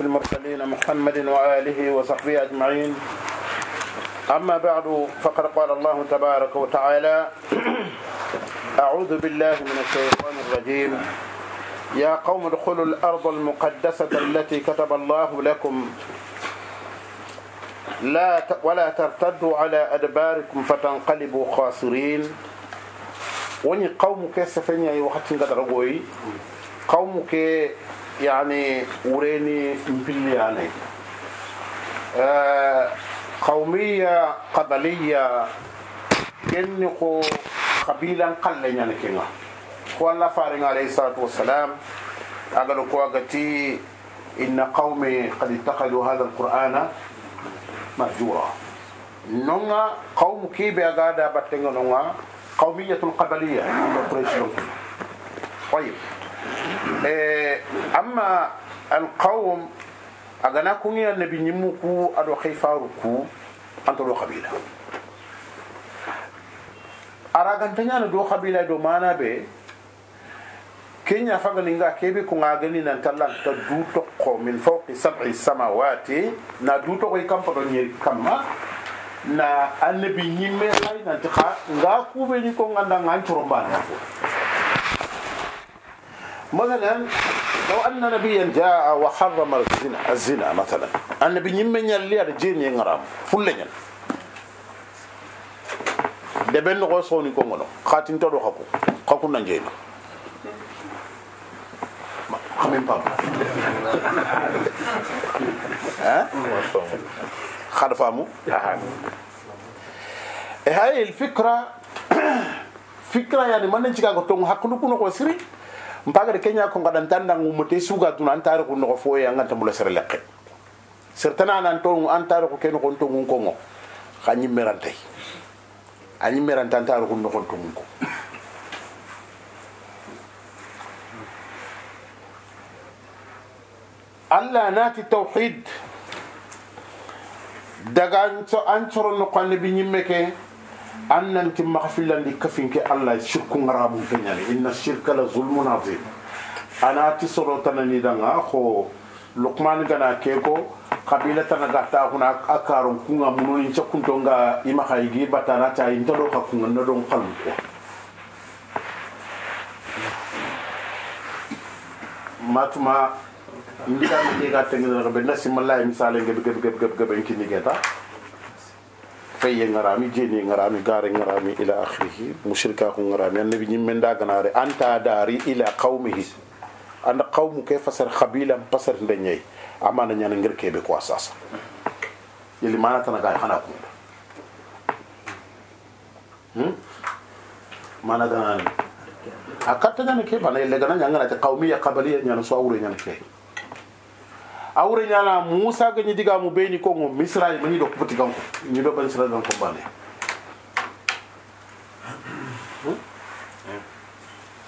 المرسلين محمد وآله وصحبه أجمعين أما بعد فقد قال الله تبارك وتعالى أعوذ بالله من الشيطان الرجيم يا قوم ادخلوا الأرض المقدسة التي كتب الله لكم لا ولا ترتدوا على أدباركم فتنقلبوا خاسرين وني قومك أي وقت قوم كي يعني وريني مبلي عليه آه، قومية قبلية كنكو قبيلا قل ينكنا والله فارغ عليه الصلاة والسلام أقول كواغتي إن قومي قد اتخذوا هذا القرآن مهجورا نونا قوم كي بأغادا باتنغ نونا قومية قبلية قريش طيب amma alqawm agana kuŋina nabi ñimmu ku aɗo hayfaru ku anta ɗo kabila aragantañana do kabila do mana ɓe kenya faganinga keɓe ko gagani nantallanta dutoko min fawqi sabi samawati na dutokoy kampato ñeri kamma na annabi ñimme hay nanti xa nga kuɓeni ko ganda gan corombane a fo مثلا لو أن نبيا جاء وحرم الزنا الزنا مثلا النبي نيم يلي الجين ينغرام فلنين debe nogo soni ko ngono khatin to do khako khako na njeyna xamem pam hein khad famu e hay el fikra fikra yani man ci ka ko tong hakku ko no ko siri mpagara kenya ko ngadan tan nang umute suga tun antare ko no fo ya ngata mula sere lekke sertana nan to antare ko ken kon to ngun ko ngo kanyi merantay anyi merantan tare ko no kon to ngun ko Allah nati tauhid daga an tsoron nukwanni bin yin meke annan annanti kafin kafinke allah shirku ngarabun keñani inna shirka la zulmun azim ana ti anati sorotanani danga xo luqman gana ke ko kabila tana ga ta kuna a karon kunga munonin cakunto nga ima haygi batana ta yin tado ka kunga na don kalmu ko matuma ndika mi ga tengel rabe na simalla misale gebe gebe gebe gebe kini geta feye ngarami jeni ngarami gare ngarami ila akhirih mushrika ko ngarami annabi nyimme ndaganare anta dari ila qaumihi anda qawmu ke fasar khabila pasar ndenyay amana nyana ngir kebe ko asasa yeli mana tan ga hana ko hmm mana dan akatta nyana ke bana ile gana nyanga na qawmiya qabaliya nyana so awure nyana ke awre ñana moussa gañi digamu ɓeyni kongo misraji mañi ɗo poti kanko ñiɗo ɓan siraji tan kombane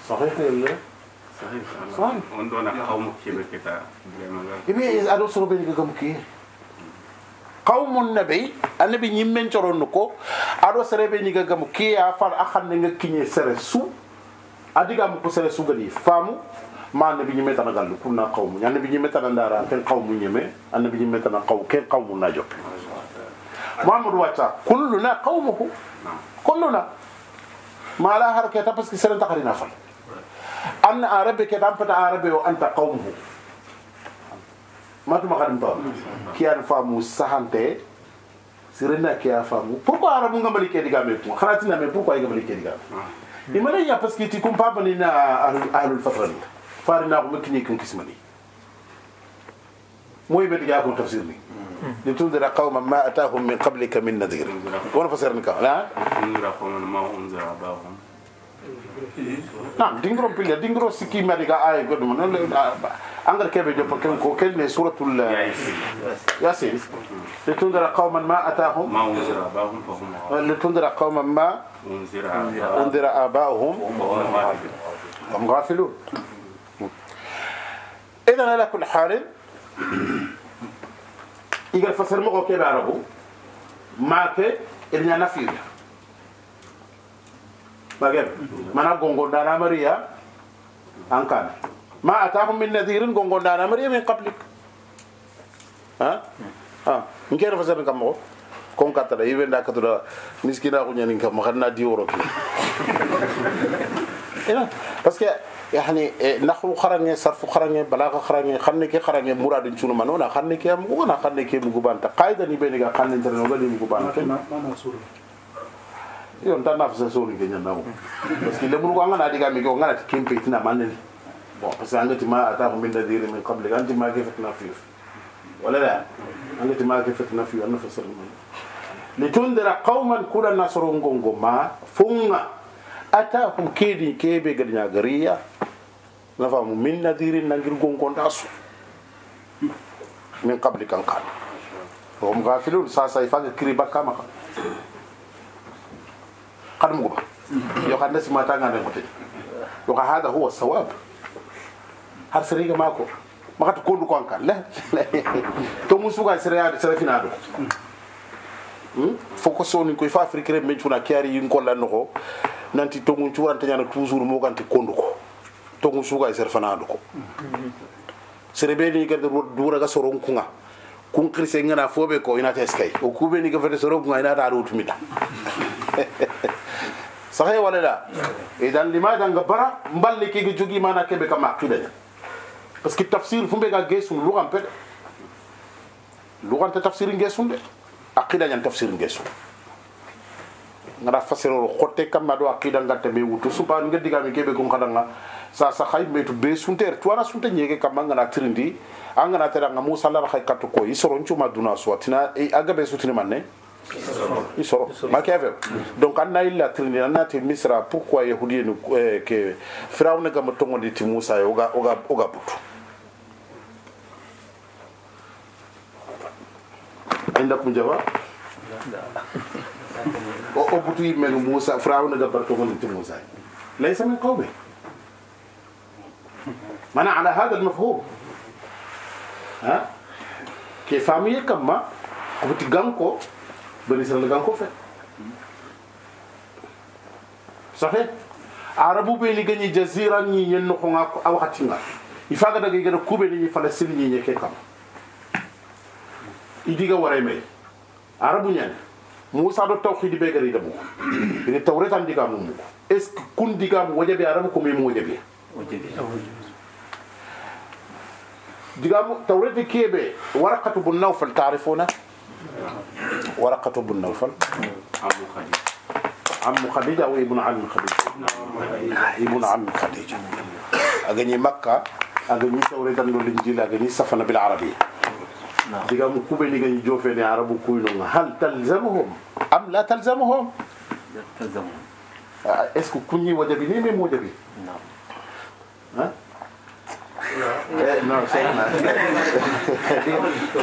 صحيح ولا صحيح صحيح عندنا قوم كبير كده يبي أدو سرو بيني كم كي قوم النبي النبي يمن ترون نكو أدو سرو بيني كم كي أفر أخن نعك كني سرسو أدي كم كسرسو غني فامو ma annabi ñimme tana gallu kunna qawmu annabi ñimme tana ndara ken qawmu ñeme annabi ñimme tana qaw ken qawmu na joppe mamadou wacca kulluna qawmuhu kulluna ma la har keta parce que seren takarina fal anna arabe keta an pata arabe o anta qawmuhu matuma kadim tawa kiyan famu sahante sirena kiya famu pourquoi arabu ngamali kedi game kuma kharatina me pourquoi ngamali kedi game imana ya parce que ti kumpa bani na ahlul fatra ni فارنا ممكن يكون كسمني مو يبدي kon تفسيرني لتنذر قوما ما اتاهم من قبلك من نذير وانا فسرنا كا لا تنذر قوما ما انذر اباهم نعم دينغرو بيلا دينغرو سكي مريكا اي غود من آه، انغر كيف جو بكن كو كل سوره ال ياسين لتنذر قوما ما اتاهم ما انذر اباهم فهم لتنذر قوما ما انذر اباهم هم غافلون إذا على كل حال إذا فسر مغو كبه عربو معك إذن نفيد بغير مانا غونغون دانا مريا أنكان ما أتاهم من نذير غونغون دانا مريا من قبلك ها ها نكير فسر كم مغو كون كاتلا يبين ɓenda katara miskina كونيا نكمل خلنا diworo إيه بس que يعني نحو خرني صرف خرني بلاغ خرني خرني كي خرني مراد شنو منونا خرني كي مغنا خرني كي مغبان قاعدة نبيني كا خرني ترى نغادي مغبان yo nta na fasa sori ke nyanda mo parce que lemuru ko ngana diga mi ko ngana kimpe tina manene bon parce que angati ma ata ko min nadiri min qabli anti ma kifat na fi wala la angati ma kifat na fi anna fasal man litundira qauman kula nasrun gongoma funga atahum kidi kebe gadnya gariya na famu min nadirin nangir gongonda su min qabli kan kan wa hum ghafilun sa sa ifa kiri bakka ma qad go yo kan nasi mata ko te yo ka hada huwa sawab har ga mako makati kondu ko kan le to musu ga ya musuga fina do hmm foko so ni ko ifa afrique re men tuna kiari yin kolla no ko nanti to tongun cuuranta nyana toujours mo ganti kondu ko tongu suga iser fana doko. serebe ni ka dura ga sorong kunga kun kirse ngana fobe ko ina ta Okube o ni ka fete kunga ina ta mita. mita sahay wala lima idan limadan gabara mbal ki jugi mana kebe kama aqida Pas ki tafsir fumbe ga gesun lugan pede lugan te tafsir gesun de tafsirin nyan tafsir gesun ngara fasiroro kam kamma do aqida ngatta be wutu suba ngeddiga mi kebe gon kadanga sasa metu be suntere tuwana sunte ñege kam angana tirindi angana tere anga musa lara hay katto koy i soron ncuma duna suwa tina e, agabe sutini man ne i soro make affaire donc an na illa tirindi te misra pourquoi yahudiyeni ke ne firawne to ngondi ti musa yo ga oga oga butu indakum jawa o butu yimmenu musa ne firawne gabara ngondi ti musa lay sama min qawme ما أنا على هذا المفهوم ها ke famille kamma ko ti ganko bani sala ganko fe safe arabu be li gani jazira ni nyen no nga ko awati nga ifaga daga gada kube ni falastin ni nyeke kam idiga waray may arabu nyen musa do tawhid be gari dabu ni tawretan diga mum est ce kun diga wajabe arabu ko me mo wajabe وجبل دقام توريد كيبي ورقة بن نوفل تعرفونه ورقة بن نوفل عم خديجة عم خديجة أو ابن عم خديجة ابن عم خديجة أغني مكة أغني توريد توريدا الإنجيل أغني سفن بالعربية نعم. دقام كوبي لغني جوفيني عرب كوينون هل تلزمهم أم لا تلزمهم؟ تلزمهم آه، اسكو كوني وجبيني من وجبي نعم ها؟ non seyna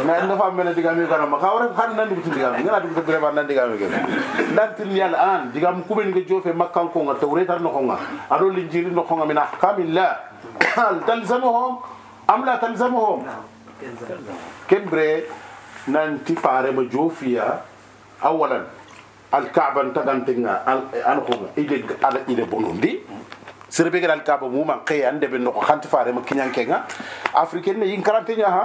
mais no fammene digami kono ma kawre han nandi ko digami ngana dum debbe ban nandi digami gel dantin yal an digam kuben ge jofe makkan ko ngal tawre tar no khonga ado linjiri no khonga min ahkamillah hal talzamuhum am la talzamuhum kembre nanti fare ma jofiya awalan al ka'ban tagantinga an khonga ide ada ide bonondi serebe gal kaba mu man kay ande be no xanti faare ma kinyan kenga africain ne yin karante nya ha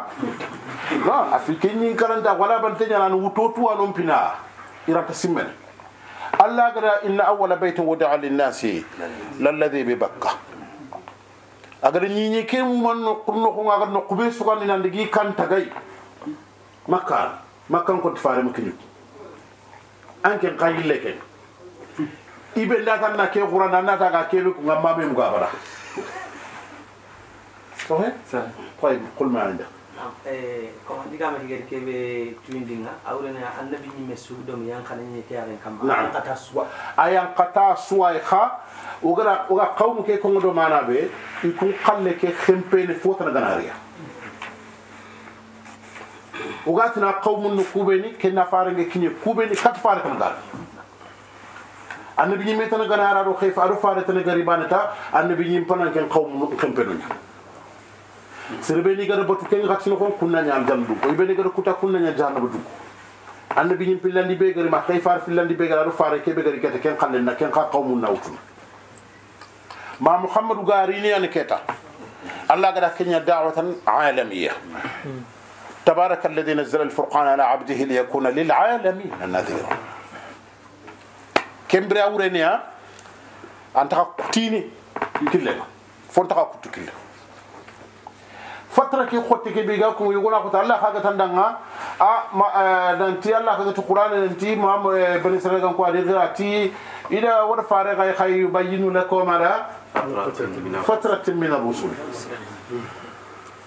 non africain yin karanta wala ban tanya nan wuto tuwa non pina irata simmen allah gara inna awwala baytin wada'a lin-nasi lalladhi bi bakka agar ni ni ke mu man no kurno ko agar no kube su kan nan digi kan tagay makka makkan ko faare ma kinyan an ken qayille ken ibe la e eh, tan e e na ke qur'an na ta ga ke lu ngam ma be mu ga bara صحيح؟ صحيح طيب قل ما عندك كمان دي كمان هيك كيف تويندينا أولنا أنا بيني مسعود دم يان خلينا نتيارين كم نعم قطع سوا أيان قطع سوا يخا وغرا وغرا قوم كي كون دو معنا به يكون قل كي خمبين فوت نغناريا وغاتنا قوم نكوبني كنا فارنج كني كوبني كتفارك مغال أن بيني متنا جن عرارو خيف عرف فارت نجاريبان تا أن بيني بنا كن قوم كن بنونيا سربيني جن بتو كن غاتي نكون كنا نيا جن دو كوي بيني جن كوتا كنا نيا نعم جن بدو أن بيني بيلان دي بيجري ما خيف عرف بيلان دي بيجري عرف فارت كي بيجري كت كن خلنا كن قا قوم ناوتون ما محمد غاريني أنا كيتا الله قد كنيا دعوة عالمية تبارك الذي نزل الفرقان على عبده ليكون للعالمين نذيرا kembere a wureneya antaxa kutini killenga fontaxa kuttu kille fatra ke xotte ke ɓega ko yogona xota allah xaga tandanga a nanti allah xaga tu qur'ana nanti mam bani israel ko adegera ti ida wada fare xay xay yubayinu lakum ala fatratin min arrusul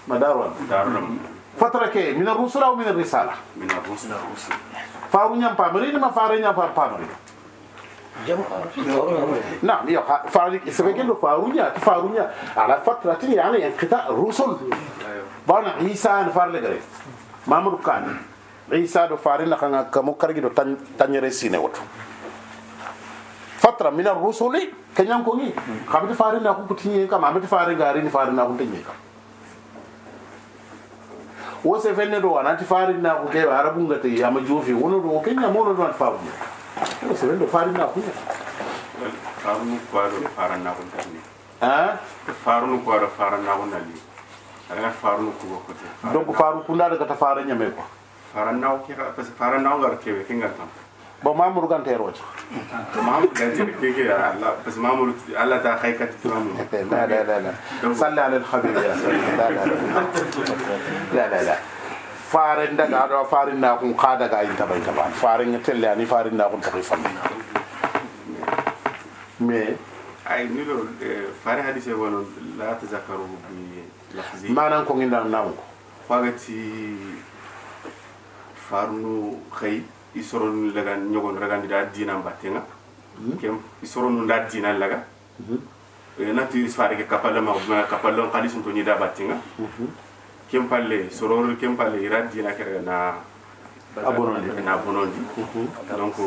madaran fatra ke min arrusul aw min arrisala faru ñampamari nima fare ñampar pamari نعم يستغل فارويا فارويا على فترة يعني انقطاع الرسل بانا عيسى نفار لغري ما مركان عيسى دو فارين لخنا كمو كرغي دو تانيري سيني وتو فترة من الرسل كنيام كوني خابتي فارين لاكو كتيني كام عمتي فارين غارين فارين لاكو تيني كام wose fenne do anati faari na ko ke arabunga te ama jofi wono do kenya mono do an faamu sore ɗo farina hunde farunu kuwaɗo farannago darni ɗo farunu kuwaɗo farannago nalli aɗagat farunu kugo kote donc faru kundaɗo gata fara ñame quoi farannago ke parce que farannago gara keɓe ke ngal kam bon mamadou ganteroje mamadou gantere keke allah parce que mamadou allah ta hay kati mamadou la la la la salli ala alhabib ya la la la la la la faren ga do farin na kun ka daga in tabai tabai farin telle ani farin na kun tabai fami me ay nilo fare hadise wono la tazakaru bi lahzi manan ko nginda nam ko fagati farnu khay isoron laga nyogon raga da dina mbatenga kem isoron da dina laga tu isfare ke kapalama kapalon kapalla qalisun to ni da batinga kem sororu soror kem na iran na abonondi na abonondi donc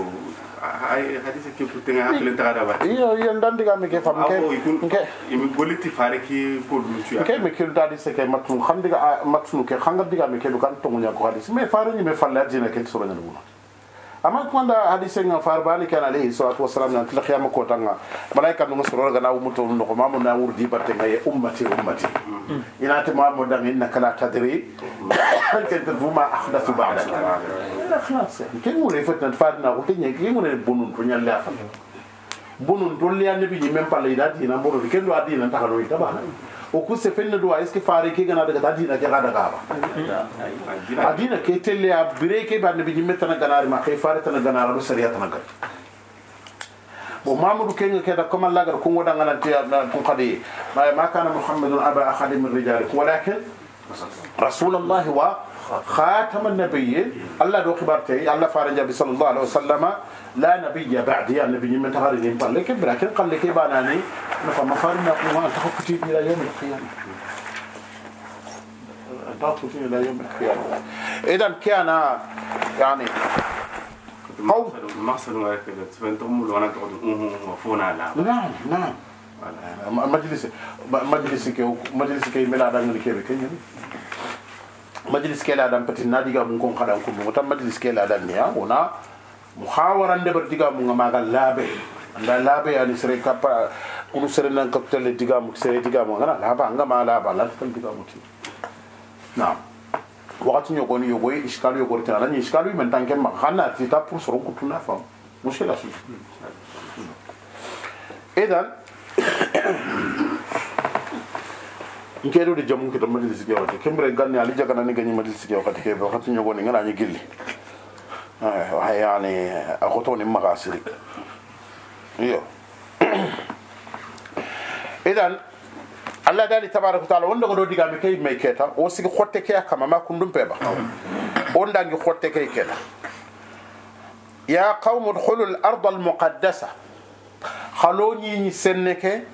ay hadise ke putenga hakle tagada ba yo iyo ndandi ga mi ke fam ke ke mi goliti fare ki ko dum tuya ke mi ke dadi se ke matum khandi ga matum ke khanga diga mi ke kan tongunya ko hadise me fare ni me falle dina ke sorona dum ama kwanda hadise nga farbani kana alayhi salatu wassalam nan tila khiyama kota nga malaika nungu sorora gana umuto nungu mamu na urdi batte nga ye ummati ummati ina te mamu dangi inna kala tadri kente vuma ahdathu ba'da ila khlas kengu refet nan fadna ko tenye kengu ne bonun to nyalle afa bonun to le annabi ni même pas le dati na mboro kendo adi nan takalo itabana oku sefenne do est ce que faare ke gana daga adina ke gada gaba adina ke telle a bire ke ba ne bijimme tana ganari ma ke faare tana ganara do sariya tana gari bon mamadou kenga ke da comme allah gar ko ngoda ngana te ko khadi ma kana muhammadun aba ahad min rijalikum walakin rasulullah wa خاتم النبيين الله دو خبرتي الله فارن جابي صلى الله عليه وسلم لا نبي بعد يا يعني نبي من تغار نيم بالك لكن قال لك باناني نفهم فارن ما تخفتي الى يوم القيامه تخفتي الى يوم القيامه اذا كان يعني أو قوم المقصد هكذا تفهمتم لو انا تقعدوا وفونا لا نعم نعم مجلس مجلس مجلسك مجلسك يملا دان الكيري بكيني مجلس كلا دام بتي نادي كا مكون خدام كم موتا مجلس كلا دام نيا ونا مخاورا ندي بتي كا مونا ماغا لابي عند لابي يعني سري كابا كل سرنا كابتل دي كا مكسر دي كا مونا لابا عند ما لابا لا تكن دي كا موتي نعم وقت نيوغوني يوغوي إشكال يوغوري تانا ني إشكال يو منتان كم خانا تيتا بور سرو كتونا فام مشكلة سوي إذن nkeɗo de jamu kita majlis ke wakati kembre ganni ali jaganani gañi majlis ke wakati keɓe wakati ñogoni nganañi gilli hayani a xotoni maxa siri iyo idan allah dali tabaraka taala won ndogo ɗo digami kay may keta o sigi xotte ke a kama ma kundum peɓa on dangi xotte kay keta ya qawmu dxulu l arda almuqaddasa xalo ñiñi senne ke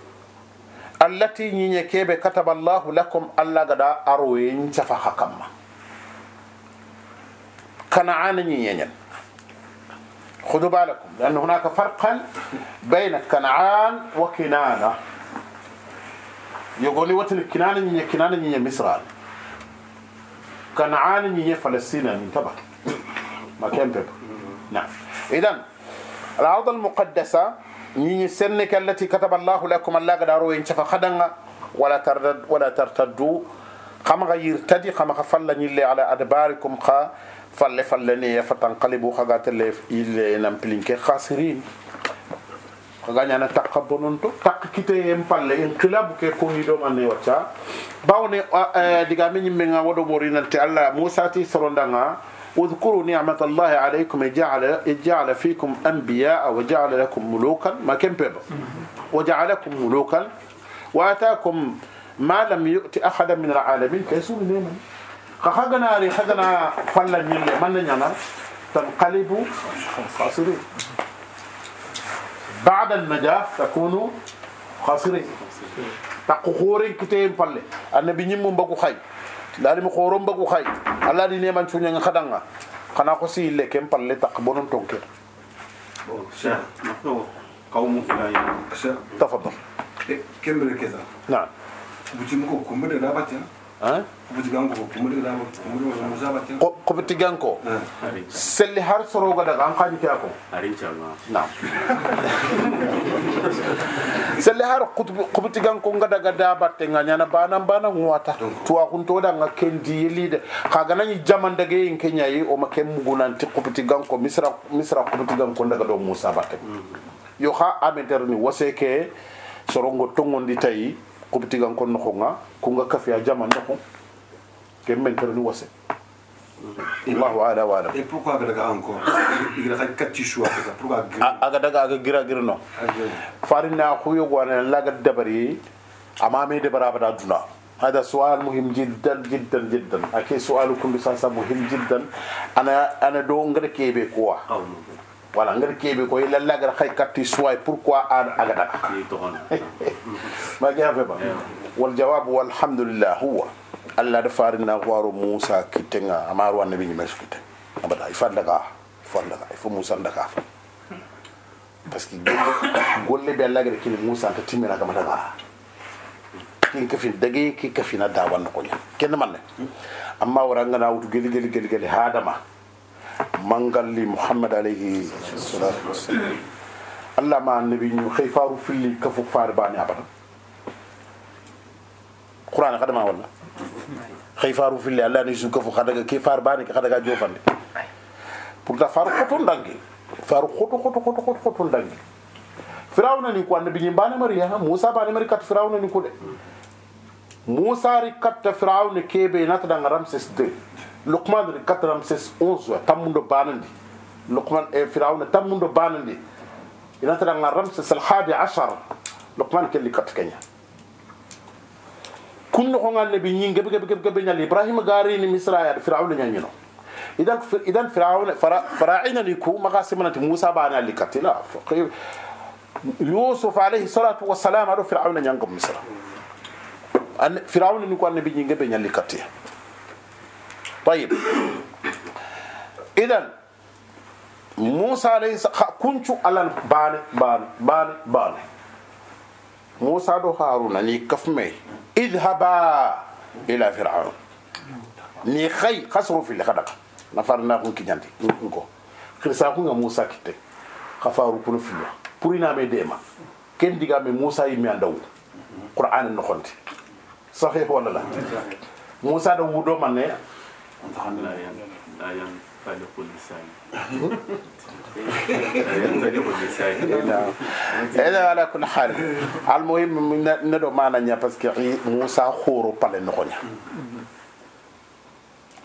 allati ñiñe keɓe لكم allahu lakum allah gaɗa aroyen cafaha kamma kana'ana ñiñeñen خذوا بالكم لأن هناك فرقا بين كنعان وكنانة يقولي لي وتل كنانة ني كنانة ني مصر كنعان ني فلسطين من تبع ما كان نعم اذا الأرض المقدسة ñiñi senne ke allati kataba allahu lakum allah gada royen cafa hadanga wala tarda wala tartaddu xama xa yirtadi xama xa falla ñille ala adbarikum xa falle falle neye fatanqalibu xaga tele yille nan pilinke khasirin xaga ñana takka bononto takk kiteyen palle inqilabu ke kohidomane wacca bawne digame ñimmenga woɗo ɓorinante allah musa ti sorondanga واذكروا نعمة الله عليكم جعل جعل فيكم أنبياء وجعل لكم ملوكا ما كان بيبا وجعلكم ملوكا وآتاكم ما لم يؤت أحدا من العالمين كيسون نعمة خخغنا رخغنا فلا نيل من نيانا تنقلبوا خاسرين بعد النجاة تكونوا خاسرين تقهورين كتين فلا النبي نيمو بقو خير lari mi xorom bagu xay alla di neman cunya ñinga xadanga xana ko si le kem palle tak bonon tonke bon cher na bu ci mu ko kumbe da ba رابطنا قبتي جانكو سلي هر سروغا دغ ان قاجي تاكو نعم سلي هر قبتي جانكو غدا غدا باتي غانا بانا بانا واتا تو اكونتو دا كندي يليد كاغا ناني جامان دغي ان كينيا يي او ماكي مغونانتي قبتي جانكو مصر مصر قبتي جانكو دغ دو موسى باتي يو خا امترني وسيكه sorongo tongondi tayi kubtigan kon noxo nga kunga kafea jama noxu ke menkeroni wase allahu ala wa alam et pourquoi aga daga encore igra xaj katti choix daga pourquoi aga daga aga gira gira no farin na xuyo gwana laga dabari amame dabara bada duna هذا سؤال مهم جدا جدا جدا اكيد سؤال كل ساسا مهم جدا انا انا دون غير كيبي كوا wala ngar kebe ko ila lagar khay katti soy pourquoi an agada ma gi hafe ba wal jawab walhamdulillah huwa alla da farina waro musa kitenga amaru annabi ni mesu kiten abada ifa daga ifa daga ifa musa daga parce que golle be lagar kini musa ta timira kama daga kin kafin dage ki kafina da wannan kunya kin man ne amma waranga na wutu geli geli geli geli hadama mangal li muhammad alayhi salatu wassalam allah ma annabi ñu xey faru filli kafu far bani abada qur'an khadama wala xey faru filli allah ni su kafu khadaga ke far bani ke khadaga jofande pour ta faru khoto ndangi faru khoto khoto khoto khoto khoto ndangi firawna ni ko annabi ñi bani mariya musa bani mari kat firawna ni ko de musa ri kat firawna kebe nata danga ramses 2 lukmaniri 96 11 tammundo banandi lukman e firawna tammundo banandi inataraga ramses alhadi ashar lukman kelli kat keña kunno ko ngalle ɓe ñin geɓe geɓe geɓe geɓe ñal ibrahima garini misra yaɗa firawna ñañino idan idan firawna farainani ku maga simanati moussa bani alli katila yusuf alayhi salatu wassalam aɗo firawna ñangom misra firawna ni ko annabi ñin geɓe ñalli kattiya طيب إذا موسى عليه السلام كنت ألان بان بان بان بان موسى دو هارون أني كفمي اذهبا إلى فرعون ni khay khasru fil khadaq nafarna kun kinyandi ko kirsa kun ga musa kitte khafaru kun fil purina me dema ken diga me musa yimi andaw qur'an no khonti sahih wala la musa da wudo manne امتحنا لا ين لا ينطلق اللسان ela ala kun hal al muhim ne do mana nya parce que musa khoro pale no nya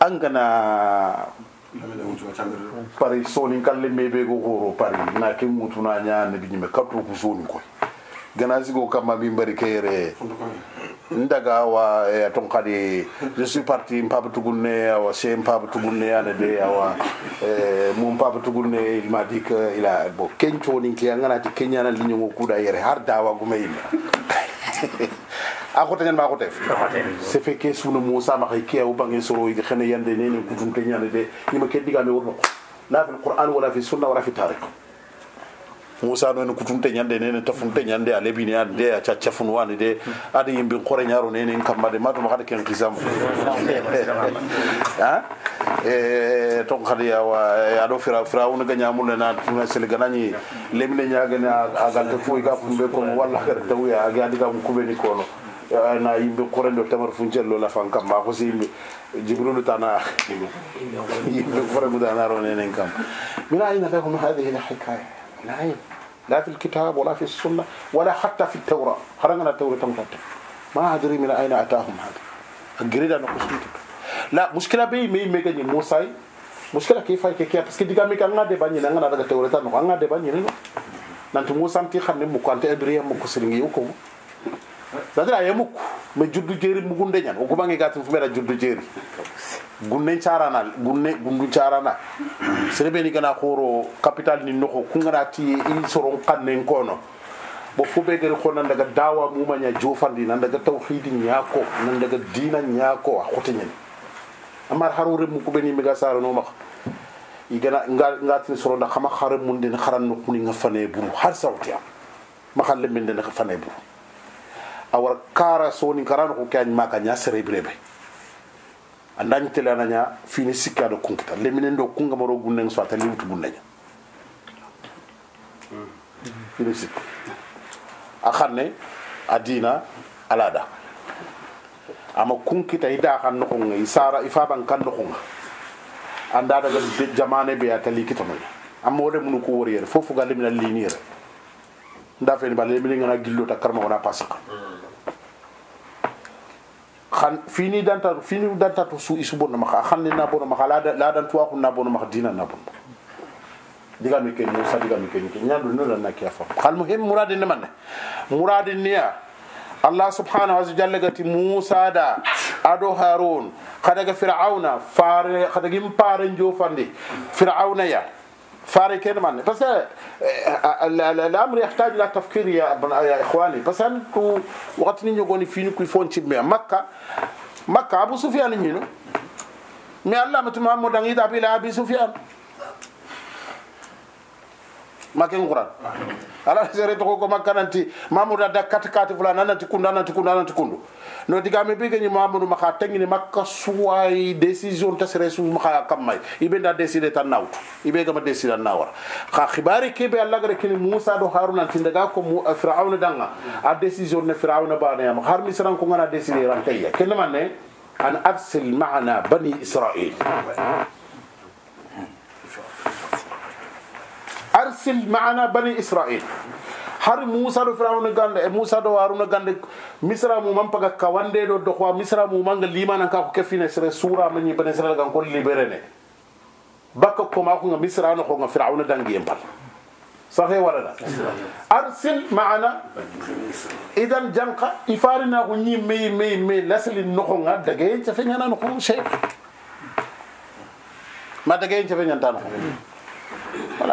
angana pari soni kalle mebe go khoro pari na ke mutuna nya ne bi nyime kapto ku soni ko gana zigo kama bi mbari kere ndaga wa ya eh, ton kadi je suis parti mpaba tugunne wa se mpaba tugunne ya ne de wa eh, mu mpaba tugunne il m'a dit que il a bon kencho ni ki ngana ti kenya na linyo ko kuda yere har dawa gume ina ako tanyan ma ko tef se fe ke sunu musa ma ke o bangé soro yi xene yande ne ne kutun tenya ne de ni ma ke diga me wor na fi alquran wala fi sunna wala fi tariq musa no en kutunte nyande nene tafunte nyande a lebine ade de a cacafun wane de ada yimbin kore ñaro nene kamma de matuma ken kisam ha e eh, ton kada yawa eh, aɗo fira firawuna ga na tuna sel ganañi lemine ñagane a galte foy ga fumbe komo walla kada tawuya agi adigam kuɓeni kono eh, na yimɓe korendo tamar funcello lafan kam ma kosi yimɓe jibrilu tana yimɓe koremu tanaro nenen kam mina inatahum hadihi lhikaya العين نعم. لا في الكتاب ولا في السنة ولا حتى في التوراة خرجنا التوراة مكتب ما أدري من أين أتاهم هذا أجريد أنا قسمتك لا مشكلة بي مين ميغاني موسى مشكلة كيف هاي كيكيا بس كي ديغامي كان غادي باني نعم، نان غادا التوراة نو غادا باني نو نعم. نانتو موسى أنتي خامني مكانتي أنت أدري مكو سرينغي وكو sadira yemukku mi juddu jeeri mi gunde ñan o kumangi gatin fumera juddu jeeri gunne carana gunne gundu carana serebeni gana koro capital ni noko kungana ti i soron kannen kono bo fu be gari kono daga dawa muma nya jofandi nan daga tawhidi nyako nan daga dina nyako a khote ñen amar harure mu kubeni mi ga sara no mak i gana ngatin soron da xama xare mun den xaran no kuni nga fane buru har sawtiya ma xalle min den fane buru awar kara soni karan ko kyan maka nya serebrebe andan telana nya fini sikka do kunkita leminen do kunga maro gunnen so ta liwtu nya fini sikka akhanne adina alada ama kunkita ida xan no ngi isara ifaban kan no ngi anda daga jamane be atali kitamo amore wode munu ko wori yere fofu galimina linire nda ni balé mi ngana gillo karma wona pasaka xan fini danta fini danta to su isu bonno maka xanni na bonno maka la la dan to waxu na bonno maka dina na bonno diga mi ken sa diga mi ken ken nyandu no na kiya fa khal muhim muradin ne manne muradin niya allah subhanahu wa jalla gati musa da ado harun kadaga fir'auna fare kadaga impare njofandi fir'auna ya فارق كده بس آه، آه، الامر يحتاج الى تفكير يا يا اخواني بس وقت ني يغوني فيني كي فون مي مكه مكه ابو سفيان نو مي الله متمام مدان يدا بلا ابي سفيان make nguran ala sere to ko makananti mamuda da kat kat fulana nanti kundu nanti kundu nanti kundu no diga me bige ni mamudu maka tengini makka suwai decision ta sere su maka kamai ibe da decide tan nawtu ibe gama decide nawar kha khibari ke be alla gare kini musa do haruna tin daga ko mu fir'auna danga a decision ne fir'auna ba ne am har misran ko ngana decide ran kayya kelamane an arsil ma'ana bani israil أرسل معنا بني إسرائيل هر موسى دو فرعون غاند موسى دو هارون غاند مصر مو مام باغا كاوندي دو دوخوا مصر مو مانغ ليمان ان كاكو كفينا سر سورا مني بني اسرائيل غان كول ليبريني باكو كوما كو مصر انا كو فرعون دانغي يمبال صافي ولا لا ارسل معنا اذا جنقا افارنا كو ني مي مي مي لاسل نوخو غا دغاي تي فينا نوخو شي ما دغاي تي فينا تانو ولا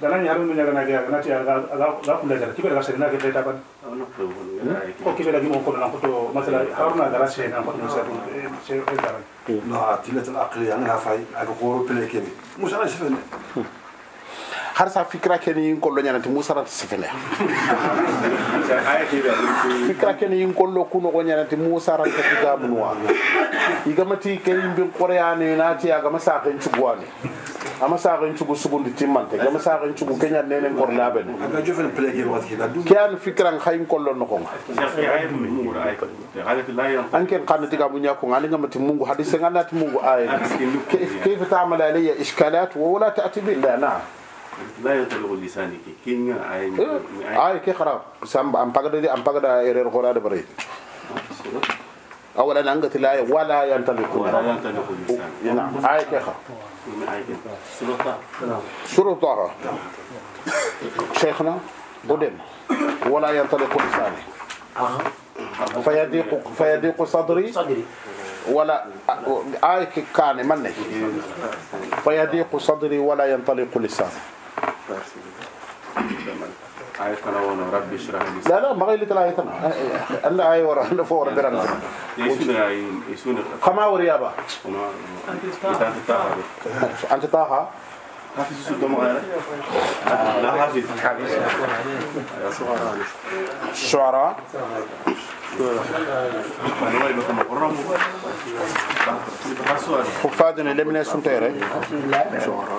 gana ñaru mu ñagana ga gana ti aga aga kula gara kibera gasa na geta ban ko kibera gi mo ko na ko to masala haruna gara se na ko no sa se e gara no tilat al aqli ana fay aga ko ro pele ke musa na sefene har sa fikra ke ni ko lo ñanati musa na sefene fikra ke ni ko lo ku no ko ñanati musa ra ke ga mu wa igamati ke yimbin qoreane na ti aga masa ke ci gwani ama saxen cugu sugundi timmante gama saxen cugu keñat nenen kor laɓene ke an fikirang xayin kollo noxonga an ken xana tiga mu ñakonga anengamati mungu hadi senganati mungu ayen كيف تعمل علي اشكالات ولا تاتي بي لا نعم لا يطلق لسانك كينغا اي اي كي خراب سام ام باغدا دي ام باغدا ايرير خورا دبري اولا انغت الايه ولا ينطلقون ولا ينطلقون نعم ايه كيخه سلطه سلطه شيخنا بدم ولا ينطلق لساني فيضيق فيضيق صدري ولا آية كان مني فيضيق صدري ولا ينطلق لساني لا لا ما غير اللي آيتنا ألا آي ورا ألا فور برنا يسون يسون خما وريابا أنت طه أنت طه حافظ سود مغيرة لا حافظ حافظ الشعراء حفاظنا لمن سنتيري شعراء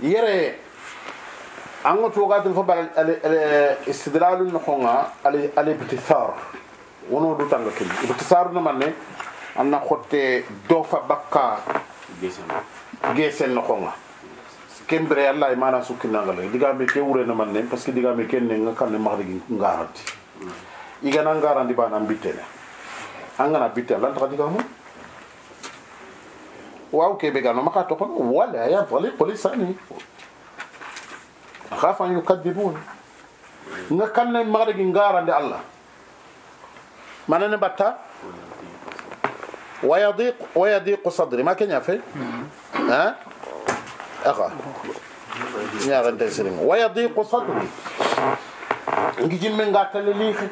yere ango toga tin fo bal istidlalu nokonga ali ali bitisar wono do tanga kin bitisar no manne anna khotte do fa bakka gesen nokonga kembre allah imana sukina ngale diga me ke wure no manne parce que diga me ken ne ngaka ne mahdi ngaranti igana ngaranti bana mbitene angana bitel lan taka diga mo واو كي بيغانو ما كاتوكون ولا ينطلق لساني أخاف أن يكذبون نكمل المغرب نقارا الله ما نبتا ويضيق ويضيق صدري ما كان يفي ها أخا يا غنت سليم ويضيق صدري نجي من قاتل ليخي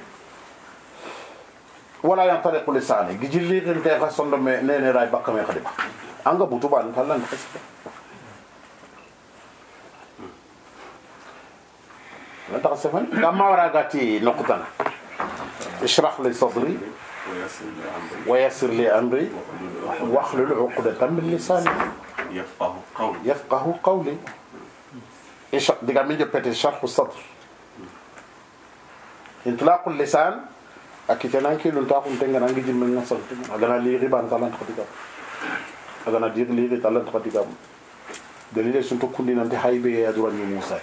ولا ينطلق لساني نجي ليخي نتاخا صندوق نيني راي بكا ما an ga butu ba da tallan da kashi لا تغسفن كما ورقتي نقطنا اشرح لي صدري ويسر لي امري واحلل عقدة من لساني yafqahu قولي يفقه قولي ديغا من جبت شرح الصدر انطلاق اللسان اكيد انا كي لنتاكم تنغ نانجي من نصر انا لي غيبان كلام خديجه agana dirlide ta allanti fatigamu dalile sunto kundinanti haybe yaduranñi moussa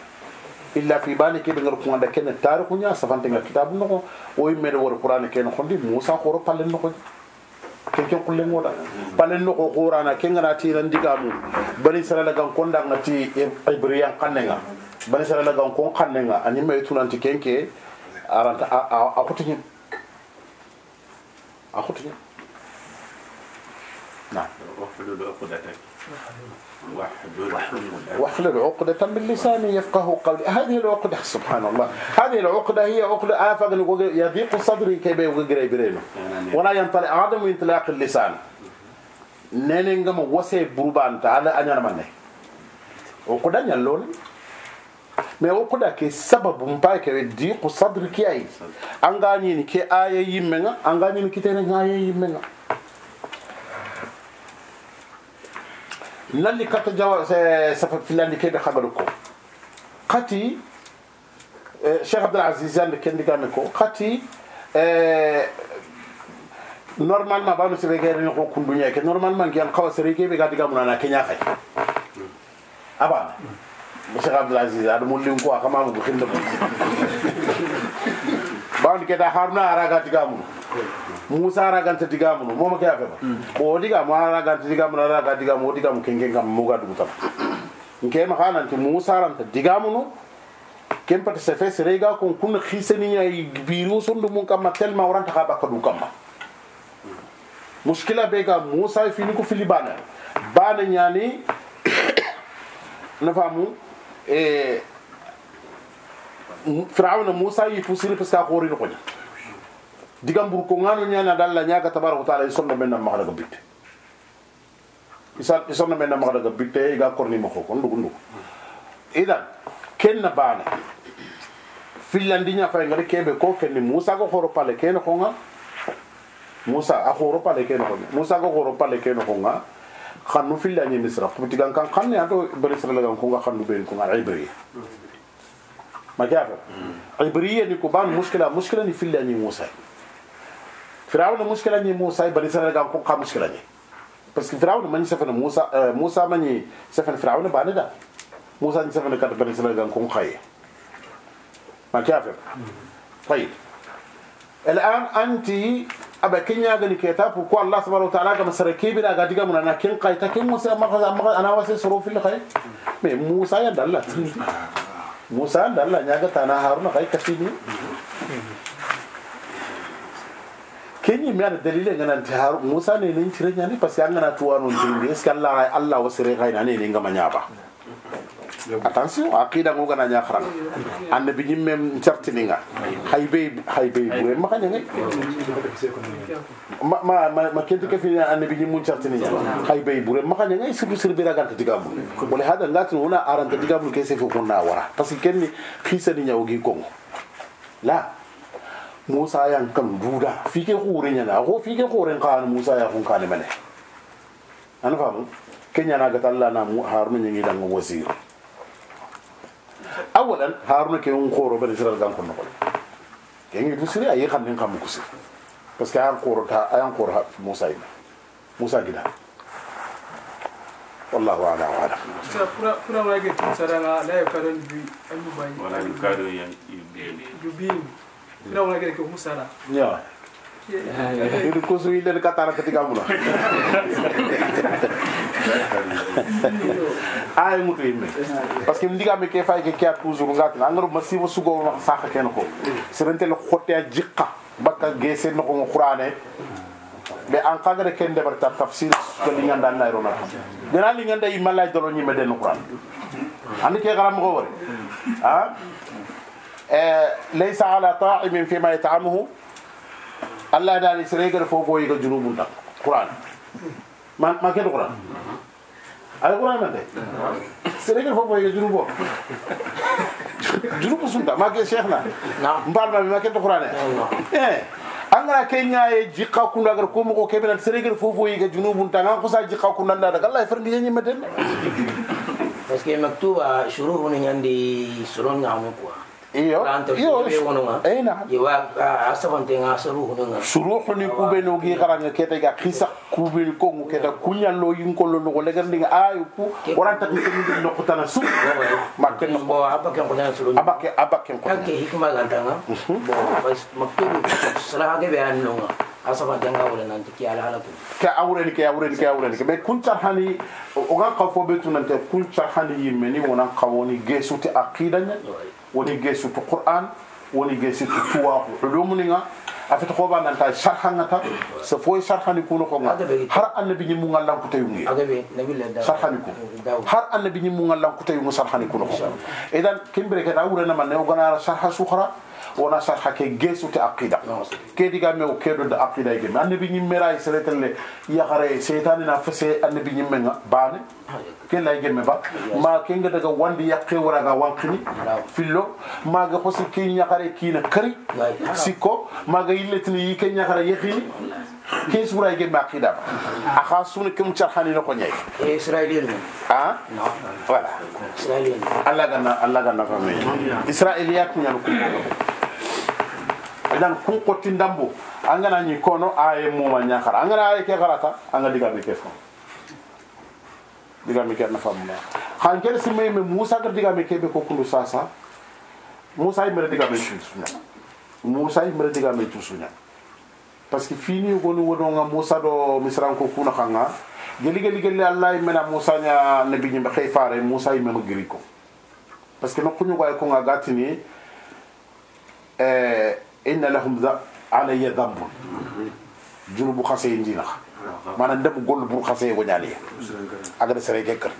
illa ko ibani keɓe ngar kuganda kene tarikuña safantenga kitabu noxo o yimmede wori qurane kene xondi moussa xoro pallen noxoy kenken kullen ngoda palen no ko qur'ana kengana ti nan diga mu bani sarala gan konda ngati ibriyan kannenga bani sarala gan kon kannenga ani mai tunanti kenke aranta a a, a, a, a, a, a, a, a, a نعم واحلل عقدة واحلل عقدة من لساني يفقه قولي هذه العقدة سبحان الله هذه العقدة هي عقدة آفة يضيق صدري كي بيغير بريمه ولا ينطلق عدم انطلاق اللسان نينين وسي بروبان تعالى أنا من عقدة يلول mais o kuda ke sababu mpa ke di ko sadri ki ay anga ni ke aye yimenga anga ni lalli katta jawa safa filandi kede hagaɗo ko kati cheikh abdoul asis yande kendigami ko kati normalement bano sebe gereni ko kunduña ke normalement giyan kawa sere keɓe ga digamunana keña kay abana cheikh abdoul asis aɗa mullin ko a kamamugo kinde mo bawni keda haruna ara ga digamunu musa araganta digamuno moma ke afema bo digamu araganta digamuno araga digamu o digamu kenken kam muga dugutama nkema hananti musa aranta digamuno ken pati sefe serega kon kun xiseniña biiru sondu mum kamma tellement waranta xa bakka du kamma muskila be ga musa fini ko fili bana bana ñani nafamu e firawna musa yitu siri parce que a xoori noxoña digam bur ko ngano na dalla ka tabaraka taala na men nam ko bitte isa na men nam ko bitte ga korni mo ko ndugu ndugu ken na bana nya fay ngari kebe ko musa ko horo pale ko konga musa a horo pale ken konga musa ko horo pale ko nga xannu fillañi misra putigan kan xanne ato beresra lagan konga xannu ben konga ibri ma jafa ibri ni ko ban muskila muskila ni fillañi musa firawna مشكلة ني موسى بني israil قام ko مشكلة ني بس parce ماني سفن موسى موسى ماني سفن mañi sefene ده موسى da سفن ñi بني kat قام israil خايه ما كيف طيب الان انت ابا كينيا غني كتاب وكو الله سبحانه وتعالى كما سركيب لا غادي من انا كين قايتا كين موسى ما انا واسي صروف اللي خايه مي موسى يا موسى دلت نيا غتانا هارون خاي كتيني kenyi mi ada dalile ngana ntaharu musa ne nin tire nyani pasi angana tuwa non jingi eske allah allah wasire gaina ne ne ngama nyaba attention aqida ngo gana nya kharang ande bi nyimme certininga haybe haybe bu ma kanya ngai ma ma ma kenti ke fina ande bi nyimmu certininga haybe bu ma kanya ngai sirbi sirbi ragan ta digamu wala hada ngati wona aran ta digamu ke se fu kunna wara parce que kenni khisa ni nyawgi kongo la musa yan kam duda fike hure nyana ko fike hure kan musa ya fun kan mane an famu kenya na gata Allah na mu haruna nyi dan wazir awalan haruna ke un khoro bari siral gan kun ko kengi du sire ayi xam kam ko sir parce que an khoro ta ayan khoro musa ina musa gida والله اعلى واعلم. كنا كنا ولا جت سرنا لا يكادون يبين ولا يكادون يبين يبين Kenapa lagi di kampus sana? Ya. Ini kursu ini dari kata ketika mula. Ai muito ime. Paske mdi ka meke fay ke kia toujours ngati. Angro masivo sugo ma saka ken ko. Serente lo khote a jikka bakka gese no ko Qur'ane. Be an kagare ken de barta tafsir ko li nganda na rona. Dina li nganda imalla dolo nyime den Qur'an. Andi ke garam ko wore. Ah? ليس على طاعم فيما يطعمه الله دار سريغر فوقو يغل جنوب تك قران ما ما كده قران على قران ما ده سريغر فوقو يغل جنوب جنوب سنتا ما كده شيخنا نعم مبال ما كده قران ايه angana ke ñaaye jikka kunda agar ko mogo keɓe nan séréguer fofo yiga junubum tan an kosa jikka kunda nda daga allah ferndi ñañimme den parce que maktuba surur woni ñandi solon ñaamu quoi iyo ay na suruhu ni kube no gi garanga keta ga khisa kube ko ngu keta kunya lo yin ko lo ko legar dinga ayu ku wala ta ni ni no ko tana su makke no bo abake ko tana suru abake abake ko abake hikma ga tanga bo makke sala ga be an no asaba danga wala nan tiki ala ala ka awre ni ka awre ni ka awre ni be kun tarhani o ga qafo be tunan ta kun tarhani yimeni wona qawoni gesuti aqidanya woni ge surtout qur'an woni ge surtout tuwaku ulumuninga afita ko ba nan ta sharhana ta sa foy sharhani kuno ko har annabi ni mungal lanku tayu ngi sharhani ko har annabi ni mungal lanku tayu sharhani kuno ko idan kimbre ke dawure na man ne ogana sharha sukhra wona sharha ke gesude aqida ke diga me o kedo da aqida ge geme annabi ñimmera e seretelle yahare seytane na fese annabi ni menga baane kella gelme ba ma kenga daga wandi yakke wara ga wankini fillo ma ga hosi ke nyakare kina kari sikko ma ga illetini yi ke nyakare yakhini ke sura ge ma khida a khasun kum charhani no ko nyai israilien ah voilà israilien alla ganna alla ganna fami israiliyat nyal ko idan kun kotti ndambo angana ni kono aye moma nyakara angana aye ke garata anga diga be ke fam digame ke anna famuna han kere simmay me musa gar digame keɓe kokkundu sasa musa yimere digame cuusuña musa yimere digame cuusuña par ce que fini goni wononga musa ɗo misiranko kuna kanga geli geli geli allah yimena musa ña nabi ñimɓe xey fare musa yimema giri ko par ce que no kuñugoay konga gatini inna lahum alaya dambun junubu xasey ndinaxa mana ndem golle bur khase go nyaliya agada sere gekkar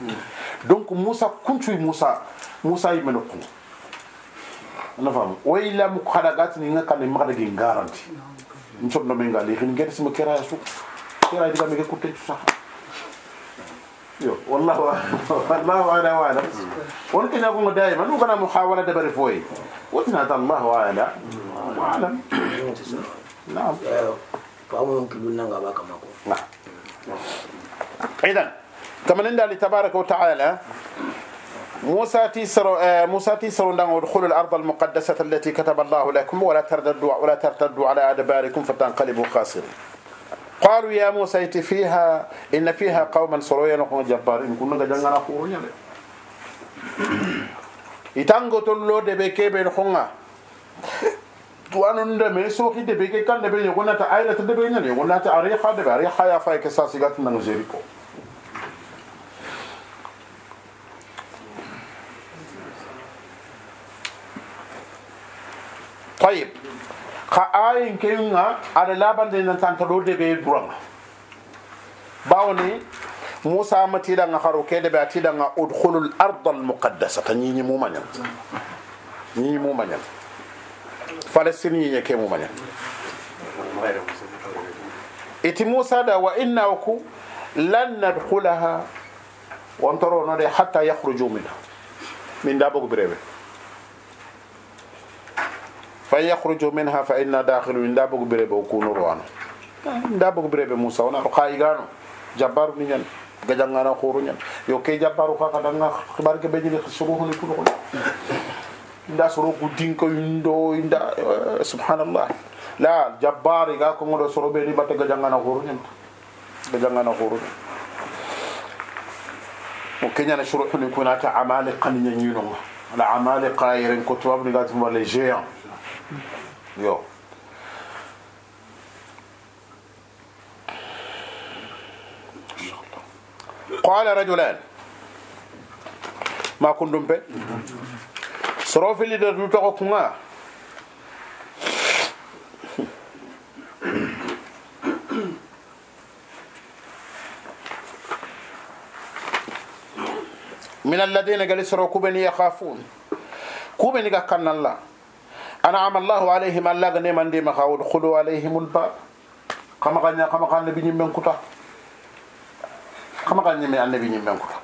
donc musa kuncuy musa musa yimeno kunu ana fam o illa mu khada gati ni ngaka ni magada gi garanti nsom no menga li ngene sima kera su kera diga me ko tetu sa yo wallahu wallahu ala wala won kina ko daiman u kana muhawala da bari foyi watina ta allah ala wa alam na'am فهم يمكن لنا غابا كما نعم إذن كما نندى وتعالى موسى تيسر موسى تيسر ادخلوا الارض المقدسه التي كتب الله لكم ولا ترتدوا ولا ترتدوا على ادباركم فتنقلبوا خاسرين. قالوا يا موسى ائت فيها ان فيها قوما سرويا جبارين كنا جنغنا فورنيا. itango tollo de be kebe tuwanun da me soki de be kan de be yogona ta ayla ta de be nyane yogona ta ariha de be ariha ya fa ke sa sigat nan jeri ko طيب خاين كينغا على لابن دين تانتو دي بي برام باوني موسى متيدا نخرو كده باتيدا ادخلوا الارض المقدسه تنيني مو مانيا ني مو مانيا falastiniyen ke mumaña iti musa da wa inna ku lan nadhulaha wontoronode hatta yahruju minha min da bogu birebe fan yahruju minha fa inna dakhilu min da bogu birebe o kunoro ano da bogu birebe musa wonaro xa yigano jabbaru ni ñani gajangana xuuru ñani yo ke jabbaru xa kadanga xibar ke ɓeñini suruxuni kunoxoni nda soro guddinko yundo nda eh, subhanallah la jabbari ga ko ngoɗo soro ɓeni batta ga jangana horuen ga jangana horue o keñana soroɓeni konata amale kani ñañinoma ala amale kayeren ko e tubabni ga tuma les géant yo قال رجلان ما كنتم به sorofili de du tɔgɔ kunga من الذين قال سروا كوبني يخافون كوبني كان الله عم الله عليهم الله غني من دي مخاود خلو عليهم الباب كما كان كما كان النبي من كتا كما كان النبي من كتا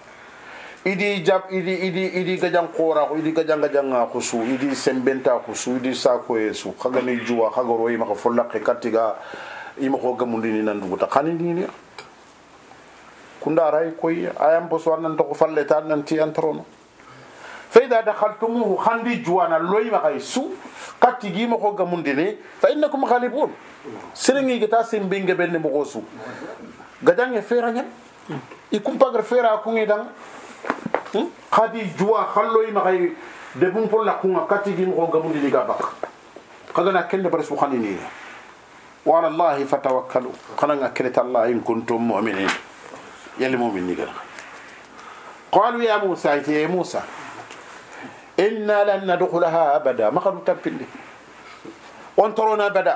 idi jab idi idi idi gajang kora ko idi gajang gajang ko su idi sembenta ko su idi sa ko yesu kaga ni juwa kaga royi maka folla ke katiga ima ko gamundi ni nan duguta khani ni ni kunda ray koy ayam boso nan to ko falle tan nan ti antrono fa idha dakhaltumuhu khandi juwana loyi maka su katigi ma ko gamundi ni fa innakum ghalibun siringi gita simbinge benne mo ko su gajang e fera nyen ikum pagar fera kungi dang kadi juwa khalloy maxay debun po lakunga katigi moxo gamundidiga bak xagana kende bares buxaninina وعلى الله فتوكلوا قلنا كرت الله إن كنتم مؤمنين يلي مؤمن نقرأ قالوا يا موسى يا موسى إنا لن ندخلها أبدا ما قالوا تبلي وانترون أبدا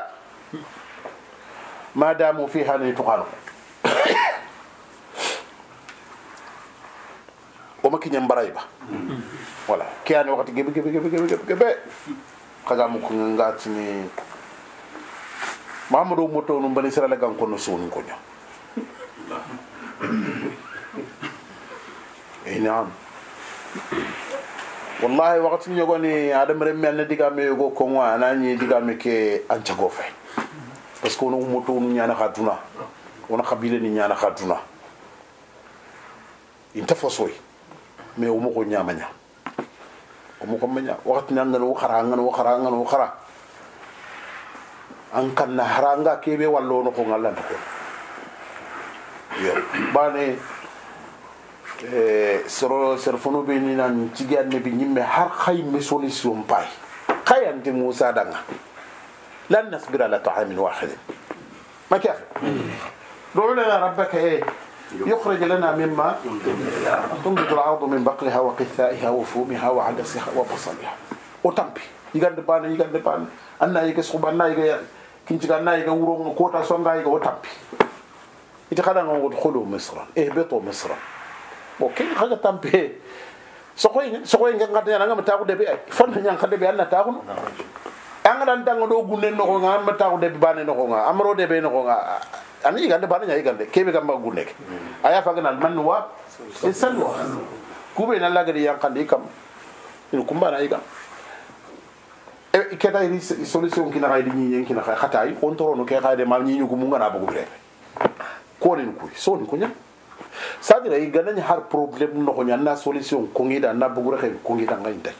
ما داموا فيها لتقالوا o ma kiñen mbaray ba voilà ke ani wakati gebe gebe gebe gebe gebe gebe kaga mu kun nga tini mamadou moto no bani sira lagan ko no sonu ko nya eh naam wallahi wakati ñogoni adam rem mel na digame yogo ko ngwa nani digame ke ancha go fe parce que no moto no nyana khatuna wona khabile ni nyana khatuna inta fosoy mais wo moko ñamaña wo moko maña wakati nan nan wakara ngan wakara ngan wakara an kan na haranga kebe wallo no ko ngalla ko yo bane eh soro serfono be ni nan tigi an be nyimme har khay me solution pay khay andi musa danga lan nasbira la ta'amin wahid ما كيف دعونا ربك ايه يخرج لنا مما تنبت الأرض من بقلها وقثائها وفومها وعدسها وبصلها وتنبي يغان دبان يغان دبان أنا يغا سخب أنا يغا كنتي أنا يغا ورون كوتا سونغا يغا وتنبي يتخلنا ودخلوا مصر اهبطوا مصر وكين خاجة تنبي سخوين سخوين غا غاتنا نغا متاغو دبي فن نيان خا دبي أنا تاغو أنا دان دان دو غونن نغو غا متاغو دبي بان نغو غا أمرو دبي نغو غا ani yi yigande bana nya gande kebe ba gune ke mm. aya fa man wa manwa wa kube na lagari yankandi kam kumba na yi yiga e keta yi solution kina kay ni yen kina kay khatay on toro no ke kay de ma ni nyugo mu ngana ba bere ko ni ku so ni kunya sadira yi ganani har problem no nya na solution ko ngida na ba gure re ko ngida ngai ndai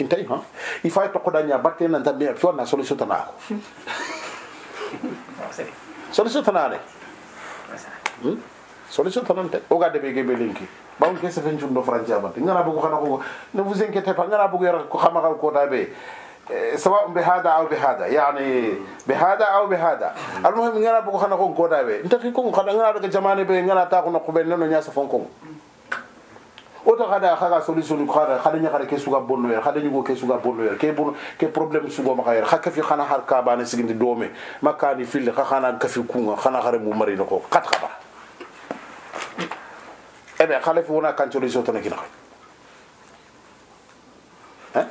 intai ha ifa to ko danya batte nan tabe fi na solution tanako solicitanaɗe solicitanaɗe ogade ɓe geɓe linki ɓawol ke sefen cunɗo frontiére batte gara bogu xana ko ne vous inquiété pas gara bogu yara ko xamaxa kota ɓe سواء بهذا او بهذا يعني بهذا او بهذا المهم غنا بو خنا كون كودا بي انت كون خنا غنا دك جماني بي غنا تا كون قبل نونو نياس فون كون oto kada kaga solution kada kada nya kada kesuga bonno yer kada nyugo kesuga bonno yer ke bon ke problem sugo maka yer hakka fi khana har ka bana sigindi dome makani fil kha khana ka fi kunga khana hare mu mari ko kat khaba ebe khale fi wona kan solution to nakina hein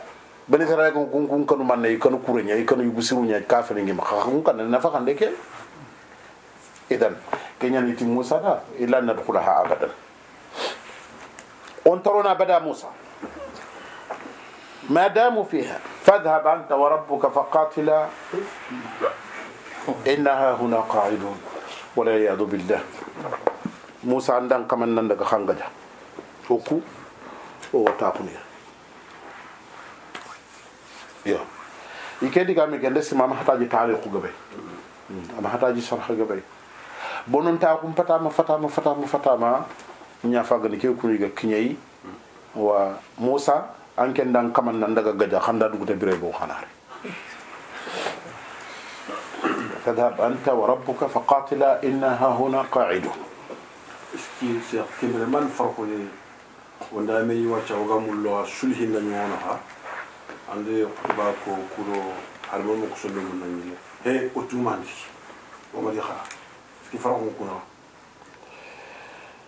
bani khara ko kun kun kanu manne kanu kurenya kanu yugusiru nya kafene ngi maka kun kan na fa khande ke idan kenyani ti musada ila nadkhulaha abadan انطرنا بدا موسى ما داموا فيها فاذهب أنت وربك فقاتلا إنها هنا قاعدون ولا يعذ بالله موسى عندن كمان نندك خانجا وكو وتاكنيا يا ikedi gami gende si mama hataji taale ku gabe ama hataji sarha gabe bonun ta kum fatama fatama fatama fatama munya faga ne ke kunu ga kinyai wa musa an ken dan kaman nan daga gaja handa dugu ta bire go khanare فاذهب أنت وربك فقاتلا إنا ها هنا قاعدون ski cheikh kemre man farko ye wanda me yi wacce ga mullo sulhi na nyona ha ande ba ko kuro harbo mo ko sulu na nyona he o tumandi o mari kha ski farko kuna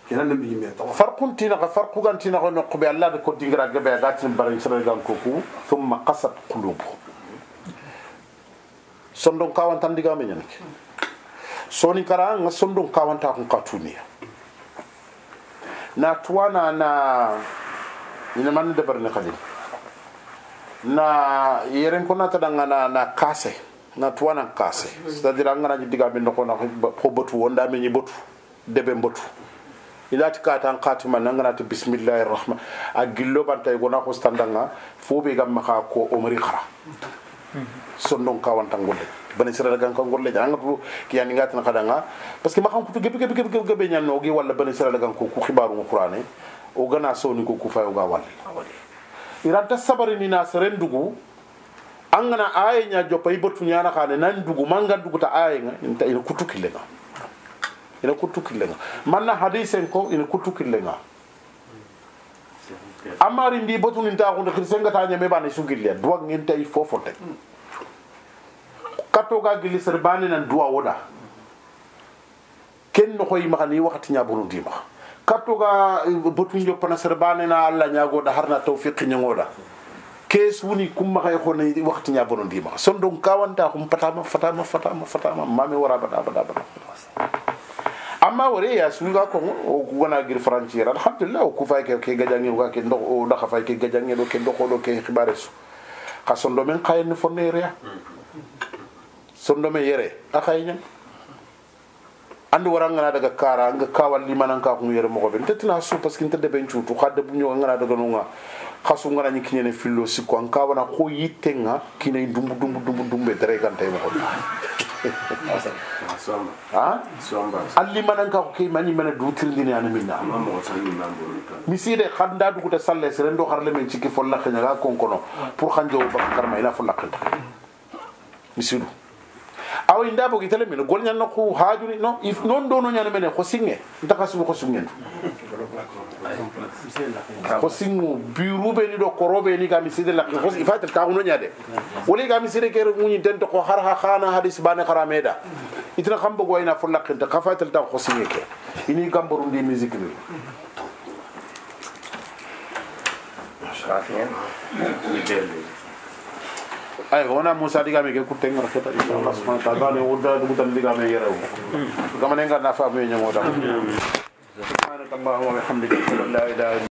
kena nan bi me taw farqun tina ga farqu gan tina ga nokko be allah be ko dingra ga be ga tin bare sere gan ko ku thumma qasat qulubu sondon kawan tan diga me nyanke soni kara nga sondon kawan ta kun katuniya na tuwana na ina man de barne khadim na yeren ko nata danga na na kase na tuwana kase c'est à dire nga na diga me nokko na ko botu wonda me ni botu debe botu idati katan katima nanganati bismillahi rahman a gillo banta igona ko standanga foɓe gam maka ko omri xara sondon kawanta golle bana sirala gan ka golle anga tu kiyani ngatin xadanga parce que maxan kutu gebe gebe gebe gebe ñannogi walla bana sirala gan ko ku xibarugo qurane o gana soni ko ku fayoga walle iranta sabarini na seren dugu angana aye ña joppa i bottu ñana xane nan dugu manga duguta aye nga ina kutukillenga ina kuttu killenga manna hadisen ko ina kuttu killenga amari ndi botunintaxunde xir sengata ñame bane sugilya duwa ngentay fofote katoga gili ser bane nan duwa woda ken noxoy maxani waxati ñaburundimax katoga botu joppana ser bane na alla ñagoda harna tawfiqi ñangoda kees wuni kumma kay xone waxti ñabono ndima son donc kawanta xum patama fatama fatama fatama mame wara bada bada bada amma wore ya sunga ko o gona gir frontière alhamdulillah o kufa ke ke gajangi o ke ndo o da khafa ke gajangi do ke ndo ko do ke khibare su ka sondo men khayni fonnere ya sondo men yere a khayni andu wara ngana daga kara nga kawal li manan ka kun yere mo be tetina su parce que nte de ben chutu khadde bu nyoga ngana daga nonga khasu ngana ni kinyene fillo sikko an kawana ko yitenga kinay dumbu dumbu dumbu dumbe dere kan tay mo ha alli manan ka ko ke mani mana dutirndini ana minna miside xar nda duguta salle seren do xar le men cikki fo laxeñaga konkono pour xan jow baka karma ina fo laqinta misidu awa inda bogi tele mene golñan no ku haajuni non non do no ñana mene xo singe ntaxa sugu xo sungendu ko singu biruɓe ni ɗo koroɓe ni ga miside lakki fo ifa tel taxuno ñade wala ga miside kere muñin ten to ko har ha xana hadis bane xara meeɗa itina xam bogo wayna fo lakkinte xa fa tel tax xo signe ke ini gambarundi musique ni ay wona moussa digame ke kurte ngar keta inchallah subhana taala bane wudda dugutan digame yerew gamanenga nafa me ñamoɗam سبحانك اللهم وبحمدك لا اله الا